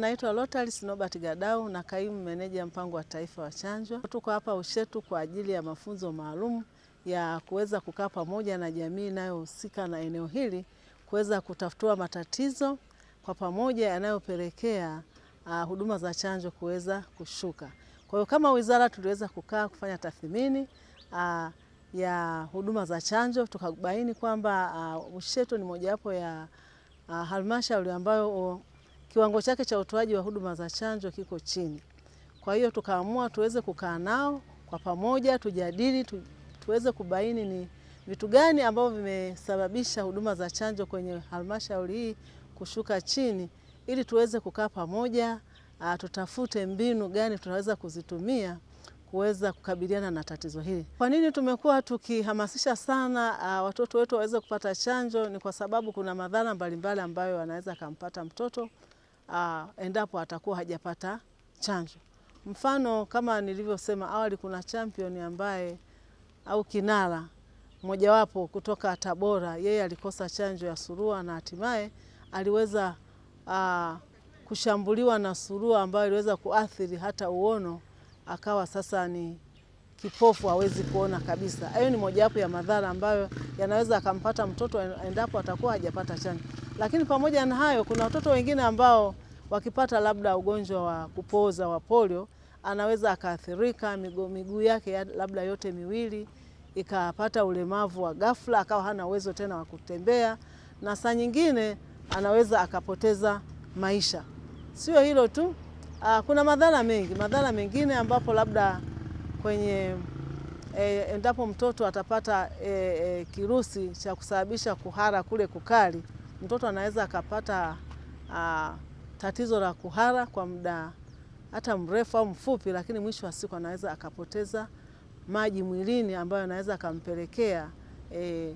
Naitwa Lotari Sinobert Gadau na kaimu meneja mpango wa taifa wa chanjo. Tuko hapa Ushetu kwa ajili ya mafunzo maalum ya kuweza kukaa pamoja na jamii inayohusika na eneo hili kuweza kutafutua matatizo kwa pamoja yanayopelekea uh, huduma za chanjo kuweza kushuka. Kwa hiyo kama wizara tuliweza kukaa kufanya tathmini uh, ya huduma za chanjo tukabaini kwamba uh, Ushetu ni mojawapo ya uh, halmashauri ambayo kiwango chake cha utoaji wa huduma za chanjo kiko chini. Kwa hiyo tukaamua tuweze kukaa nao kwa pamoja, tujadili tu, tuweze kubaini ni vitu gani ambavyo vimesababisha huduma za chanjo kwenye halmashauri hii kushuka chini, ili tuweze kukaa pamoja, ah, tutafute mbinu gani tunaweza kuzitumia kuweza kukabiliana na tatizo hili. Kwa nini tumekuwa tukihamasisha sana a, ah, watoto wetu waweze kupata chanjo? Ni kwa sababu kuna madhara mbalimbali ambayo wanaweza akampata mtoto uh, endapo atakuwa hajapata chanjo. Mfano kama nilivyosema awali, kuna champion ambaye au kinara mojawapo kutoka Tabora, yeye alikosa chanjo ya surua na hatimaye aliweza uh, kushambuliwa na surua ambayo iliweza kuathiri hata uono, akawa sasa ni kipofu, hawezi kuona kabisa. Hayo ni mojawapo ya madhara ambayo yanaweza akampata mtoto endapo atakuwa hajapata chanjo. Lakini pamoja na hayo, kuna watoto wengine ambao wakipata labda ugonjwa wa kupoza wa polio anaweza akaathirika miguu miguu yake labda yote miwili ikapata ulemavu wa ghafla, akawa hana uwezo tena wa kutembea, na saa nyingine anaweza akapoteza maisha. Sio hilo tu, ah, kuna madhara mengi, madhara mengine ambapo labda kwenye e, endapo mtoto atapata e, e, kirusi cha kusababisha kuhara kule kukali mtoto anaweza akapata ah, tatizo la kuhara kwa muda hata mrefu au mfupi, lakini mwisho wa siku anaweza akapoteza maji mwilini ambayo anaweza akampelekea e,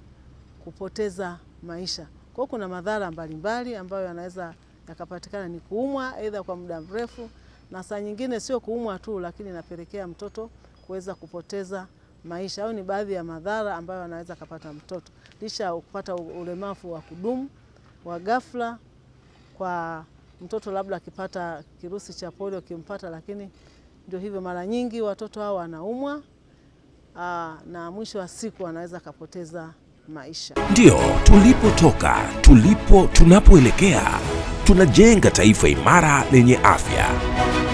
kupoteza maisha. Kwa kuna madhara mbalimbali ambayo yanaweza yakapatikana, ni kuumwa aidha kwa muda mrefu, na saa nyingine sio kuumwa tu, lakini inapelekea mtoto kuweza kupoteza maisha. Hayo ni baadhi ya madhara ambayo anaweza akapata mtoto licha kupata ulemavu wa kudumu wa ghafla kwa mtoto labda akipata kirusi cha polio kimpata, lakini ndio hivyo, mara nyingi watoto hao wanaumwa ah, na mwisho wa siku anaweza akapoteza maisha. Ndio tulipotoka, tulipo tunapoelekea, tunajenga taifa imara lenye afya.